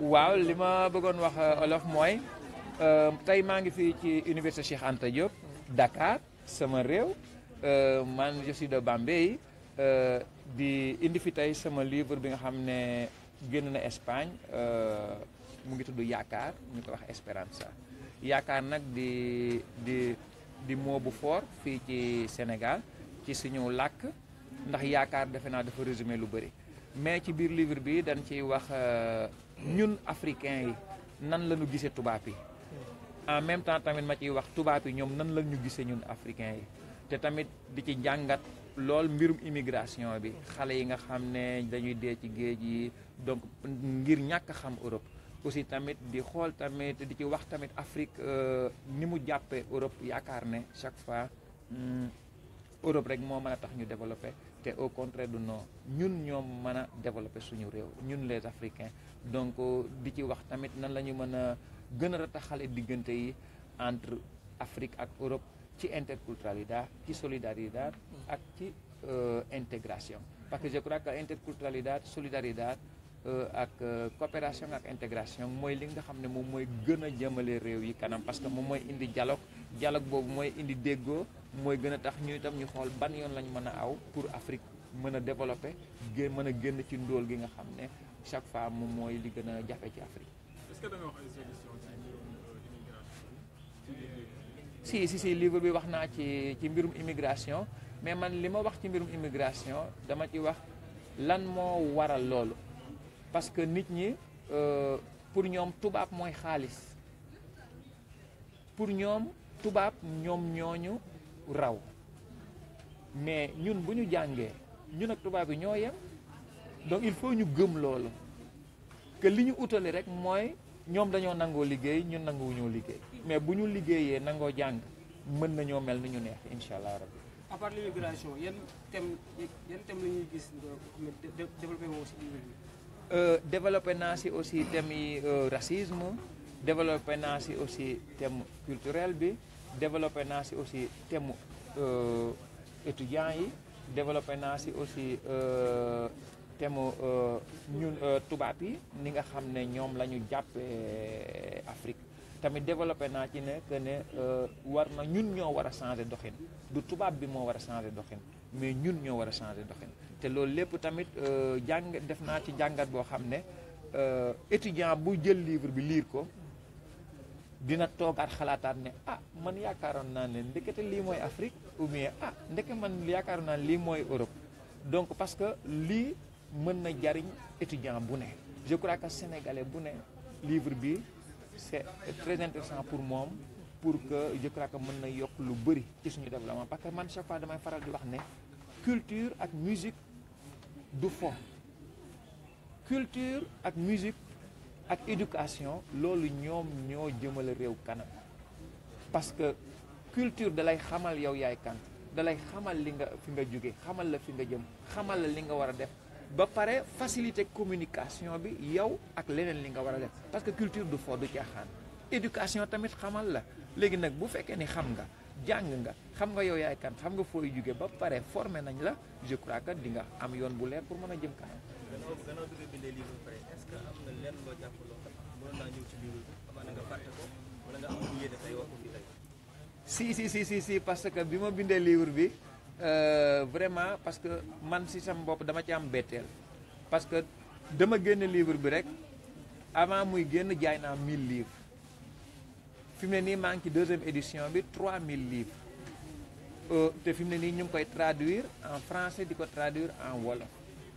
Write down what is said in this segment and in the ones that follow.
waaw li ma bëggoon wax euh, olof mooy euh, tey maa ngi fii ci université Cheikh Anta Diop Dakar sama réew euh, man je suis de Bambey di indi fi tey sama livre bi nga xam ne génn na Espagne mu ngi tudd yaakaar ñu ko wax Esperanza yaakaar nag di di di moo bu foor fii ci Sénégal ci suñu làkk ndax yaakaar defe naa dafa résumé lu bëri. mais ci biir livre bi dañ ci wax euh, ñun africain yi nan lañu ñu tuba bi en même temps tamit ma ci wax tuba bi ñom nan lañu ñu ñun africain yi té tamit di ci jangat lol mbirum immigration bi xalé yi nga xamné ne dañuy dé ci géej yi donc ngir ñak xam Europe aussi tamit di xol tamit di ci wax tamit Afrique euh, ni mu jappé Europe yakarne ne chaque fois hmm, Europe rek mo mën tax ñu développer te au contraire du no ñun ñoom mën a développer suñu réew ñun les africains donc di ci wax tamit nan la ñu mën a gën a rataxale diggante yi entre Afrique ak Europe ci interculturalité ci solidarité ak ci euh, intégration parce que je crois que interculturalité solidarité euh, ak euh, coopération ak intégration mooy li nga xam ne moom mooy gën a jëmale réew yi kanam parce que moom mooy indi dialogue dialogue boobu mooy indi déggoo moy gëna tax ñu itam ñu xol ban yoon lañ mëna aw pour Afrique mëna développer gë mëna a ci ndol gi nga xamné chaque fois mo moy li gëna a ci Afrique. est-ce que da nga wax ay solution ci mbirum euh, immigration. si si si livre bi wax naa ci ci mbirum immigration mais man lima wax ci mbirum immigration dama ci wax lan mo waral loolu parce que nit ñi euh pour ñom tubab moy xaliss pour ñom tubab ñom ñoñu raw mais ñun bu ñu jàngee ñun ak tubaab yi ñoo yem donc il faut ñu gëm loolu que li ñu utale rek mooy ñoom dañoo nangoo liggéey ñun nanguwuñoo liggéey mais bu ñu liggéeyee nangoo jàng mën nañoo mel ni ñu neex incha allah rabbi. à part l'immigration yan thème yan thème la ñuy gis développé woo si euh, développé naa si aussi thème yi euh, racisme développé naa si aussi thème culturel bi. développé naa si aussi thème euh, étudiants yi développé naa si aussi euh, thème euh, ñun tubaab yi ni nga xam ne ñoom la ñu jàppee Afrique tamit développé naa ci ne que ne war na ñun ñoo war a changé doxin du tubaab bi moo war a changé doxin mais ñun ñoo war a changé doxin te loolu lépp tamit jàng def naa ci jàngat boo xam ne étudiant bu jël livre bi liir ko dina toogaat xalaataat ne ah man yaakaaroon naa ne ndekete lii mooy Afrique ou bien ah ndeke man yaakaaroon naa lii mooy Europe donc parce que lii mën na jariñ étudiant bu ne je crois que sénégalais bu ne livre bi c'est très intéressant pour moom pour que je crois que mën na yokk lu bëri ci suñu développement parce que man chaque fois damay faral di wax ne culture ak musique du fo culture ak musique ak éducation loolu ñoom ñoo jëmale réew kanam parce que culture dalay xamal yow yaay kan dalay xamal li nga fi nga jóge xamal la fi nga jëm xamal la li nga war a def ba pare faciliter communication bi yow ak leneen li nga war a def parce que culture du fo du caaxaan éducation tamit xamal la léegi nag bu fekkee ni xam nga jàng nga xam nga yow yaay kan xam nga fooy jóge ba pare formé nañ la je crois que di nga am yoon bu leer pour mën a jëm kanam donc gannaaw bi nga bindee livre bi pare est-ce que am na lenn loo si si si si si parce que bi ma bindee livre bi euh, vraiment parce que man si sama bopp dama ci am betteel parce que dama génn livre bi rek avant muy génn jaay naa mille livres fi mu ne nii maa ci deuxième édition bi 3000 livres euh, te fi mu ne nii ñu ngi koy traduire en francais di ko traduire en wolof.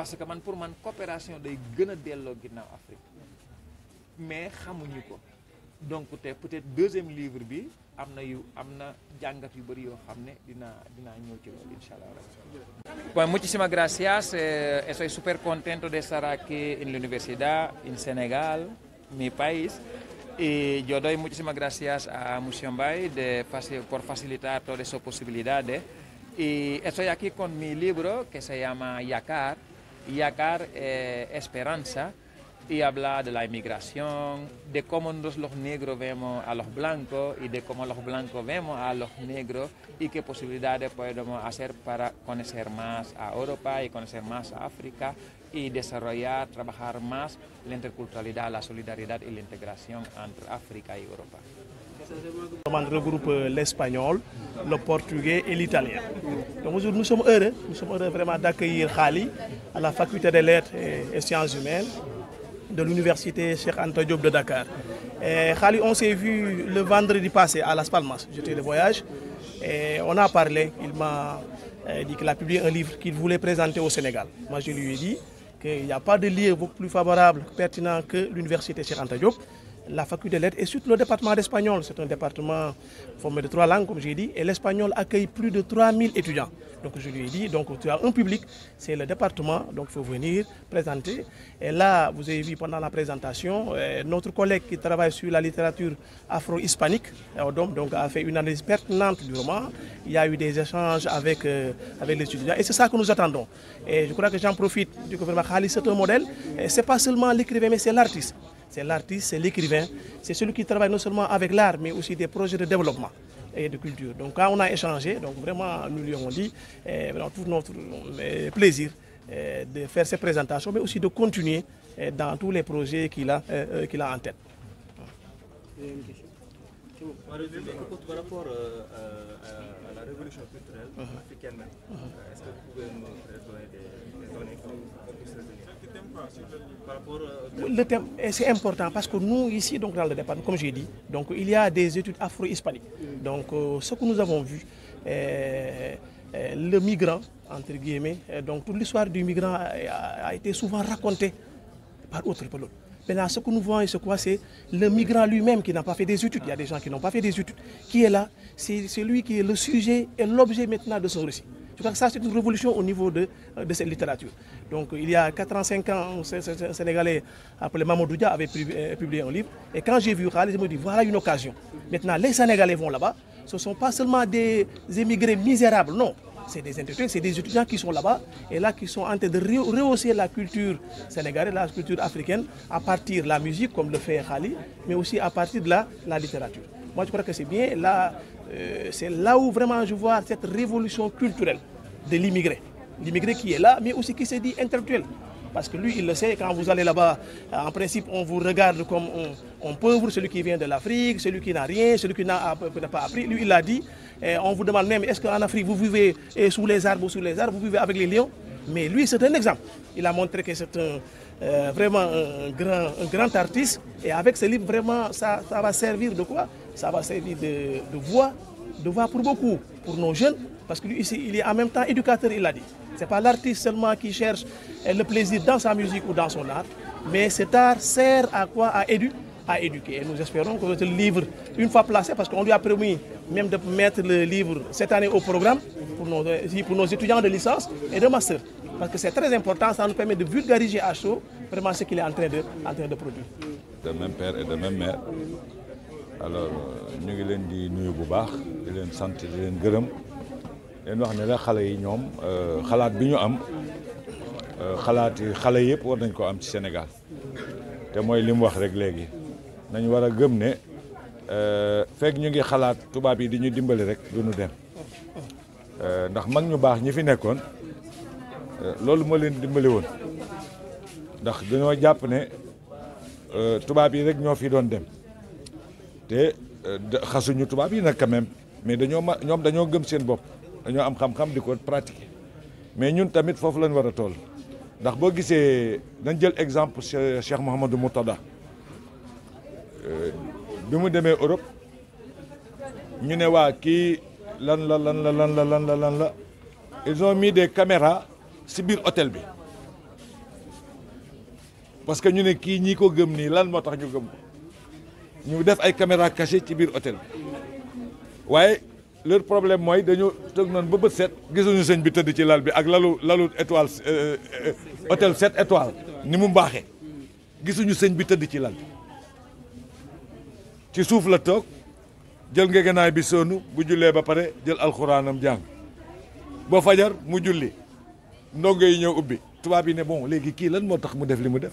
parce que man pour man coopération day gëna a delloo Afrique mais xamuñu ko donc té peut-être deuxième livre bi amna yu amna jangat yu bari yo xamné dina dina ñëw ci inshallah rabbi. muchísimas gracias. Eh, estoy super contento de estar aquí en la universidad, en Senegal, mi país. Y yo doy muchísimas gracias a Museum Bay de, por facilitar todas esas posibilidades. Y estoy aquí con mi libro que se llama Yakar, y eh, esperanza y hablar de la inmigración, de cómo nosotros los negros vemos a los blancos y de cómo los blancos vemos a los negros y qué posibilidades podemos hacer para conocer más a Europa y conocer más a África y desarrollar, trabajar más la interculturalidad, la solidaridad y la integración entre África y Europa. On regroupe euh, l'espagnol, le portugais et l'italien. nous sommes heureux, nous sommes heureux vraiment d'accueillir Khali à la faculté des lettres et sciences humaines de l'université Cheikh Anta Diop de Dakar. Khali, on s'est vu le vendredi passé à Las Palmas, j'étais de voyage, et on a parlé, il m'a euh, dit qu'il a publié un livre qu'il voulait présenter au Sénégal. Moi, je lui ai dit qu'il n'y a pas de livre plus favorable, pertinent que l'université Cheikh Anta la faculté de lettres et surtout le département d'espagnol. C'est un département formé de trois langues, comme j'ai dit, et l'espagnol accueille plus de 3000 étudiants. Donc je lui ai dit, donc tu as un public, c'est le département, donc il faut venir présenter. Et là, vous avez vu pendant la présentation, euh, notre collègue qui travaille sur la littérature afro-hispanique, donc a fait une analyse pertinente du roman. Il y a eu des échanges avec, euh, avec les étudiants et c'est ça que nous attendons. Et je crois que j'en profite du gouvernement Khalis, c'est un modèle. Ce n'est pas seulement l'écrivain, mais c'est l'artiste c'est l'artiste, c'est l'écrivain, c'est celui qui travaille non seulement avec l'art, mais aussi des projets de développement et de culture. Donc quand on a échangé, donc vraiment nous lui avons dit, eh, dans tout notre eh, plaisir eh, de faire ces présentations, mais aussi de continuer eh, dans tous les projets qu'il a, euh, qu'il a en tête. Par rapport euh, euh, à la révolution culturelle mhm. africaine, est-ce que vous pouvez me donner des données le thème, c'est important parce que nous, ici, donc, dans le département, comme j'ai dit, donc, il y a des études afro-hispaniques. Donc, euh, ce que nous avons vu, euh, euh, le migrant, entre guillemets, donc toute l'histoire du migrant a, été souvent racontée par autres. par Maintenant, ce que nous voyons, c'est quoi C'est le migrant lui-même qui n'a pas fait des études. Il y a des gens qui n'ont pas fait des études. Qui est là C'est celui qui est le sujet et l'objet maintenant de son récit. Je ça, c'est une révolution au niveau de, euh, cette littérature. Donc, il y a 4 ans, un Sénégalais appelé Mamadou Dia avait euh, publié un livre. Et quand j'ai vu Khalid, je me dis, voilà une occasion. Maintenant, les Sénégalais vont là-bas. Ce ne sont pas seulement des émigrés misérables, non c'est des intellectuels, c'est des étudiants qui sont là-bas et là qui sont en train de rehausser la culture sénégalaise, la culture africaine, à partir de la musique, comme le fait Khali, mais aussi à partir de la, la littérature. Moi, je crois que c'est bien. Là, euh, c'est là où vraiment je vois cette révolution culturelle de l'immigré. L'immigré qui est là, mais aussi qui se dit intellectuel. Parce que lui, il le sait, quand vous allez là-bas, euh, en principe, on vous regarde comme un pauvre, celui qui vient de l'Afrique, celui qui n'a rien, celui qui n'a pas appris. Lui, il l'a dit. on vous demande même, est-ce qu'en Afrique, vous vivez sous les arbres ou sous les arbres, vous vivez avec les lions Mais lui, c'est un exemple. Il a montré que c'est un, euh, vraiment un grand, un grand, artiste. Et avec ce livre, vraiment, ça va servir de quoi ça va servir de, voix, de voix pour beaucoup, pour nos jeunes, parce qu'il est en même temps éducateur, il l'a dit. Ce n'est pas l'artiste seulement qui cherche le plaisir dans sa musique ou dans son art, mais cet art sert à quoi À éduquer. Et nous espérons que votre livre, une fois placé, parce qu'on lui a promis même de mettre le livre cette année au programme pour nos, étudiants de licence et de master. Parce que c'est très important, ça nous permet de vulgariser à chaud vraiment ce qu'il est en train de, en train de produire. De même père et de même mère, alors euh, ñu ngi leen di nuyu bu baax di leen sant di leen gërëm leen wax ne xale yi ñoom euh, xalaat bi ñu am euh, xalaat yi xale yëpp war nañ ko am ci Sénégal te mooy li mu wax rek léegi nañ war a gëm ne fekk ñu ngi xalaat tubaab yi di ñu dimbali rek dunu ñu dem ndax mag ñu baax ñi fi nekkoon loolu moo leen dimbali woon ndax dañoo jàpp ne tubaab yi rek ñoo fii doon dem te xasuñu tubaab yi nag quand même mais dañoo ma ñoom dañoo gëm seen bopp dañoo am xam-xam di ko pratiquer mais ñun tamit foofu lañ war a toll ndax boo gisee dañ jël exemple Cheikh Mouhamadou Moutada euh, bi mu demee Europe ñu ne waa kii lan la lan la lan la lan lan la ils ont mis des caméras si biir hôtel bi parce que ñu ne kii ñii ko gëm nii lan moo tax ñu gëm ko ñu def ay caméra cachée ci biir hôtel bi waaye leur problème mooy dañoo toog noonu ba bët set gisuñu sëñ bi tëdd ci lal bi ak lalu lalu étoile euh, euh, hôtel sept étoiles ni mu baaxee gisuñu sëñ bi tëdd ci lal bi ci suuf la toog jël ngegenaay bi sonn bu jullee ba pare jël alxuraanam jàng boo fajar mu julli ndongo yi ñëw ubbi tubaab yi ne bon léegi kii lan moo tax mu def li mu def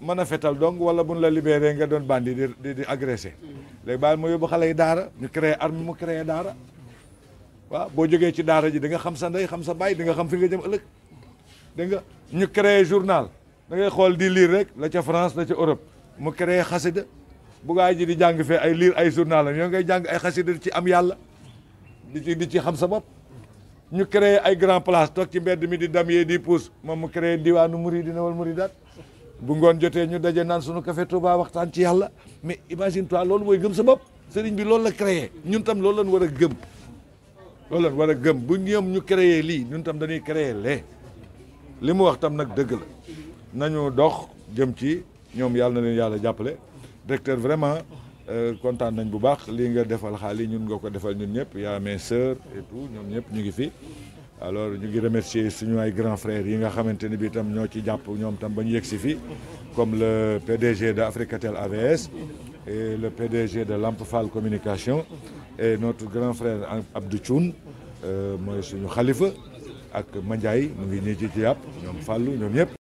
mën a fetal donc wala buñ la libéré nga doon bandi di di di agressé léegi baal mu yóbbu xale yi daara ñu créé arme mu créé daara waaw boo jógee ci daara ji di nga xam sa ndey xam sa baay di xam fi nga jëm ëllëg dégg nga ñu créé journal da ngay xool di liir rek la ca France la ca Europe mu créé xasida bu gaa ji di jàng fi ay lire ay journal la yow ngay jàng ay xasida di ci am yàlla di ci di ci xam sa bopp ñu créé ay grand place toog ci mbedd mi di dam yee di pousse moom mu créé diwaanu muri dina wal muri daat bu ngoon jotee ñu daje naan sunu café Touba waxtaan ci yàlla mais imagine toi loolu mooy gëm sa bopp sëriñ bi loolu la créé ñun tam loolu lañ war a gëm loolu lañ gëm bu ñoom ñu créer lii ñun tam dañuy créer lee li mu wax tam nag dëgg la nañu dox jëm ci ñoom yàlla na leen yàlla jàppale directeur vraiment euh, kontaan nañ bu baax lii nga defal xaalis ñun nga ko defal ñun ñëpp yaa mes sœurs et tout ñoom ñëpp ñu ngi fi alors ñu ngi remercier suñu ay grands frères yi nga xamante ne bi tam ñoo ci jàpp tam fi comme le PDG de Africatel AVS et le PDG de Lampfal Communication et notre grand frère Abdou Thioun euh, mooy suñu Khalifa, ak Mandiaye mu ngi ñi ci jàpp ñoom Fallou ñoom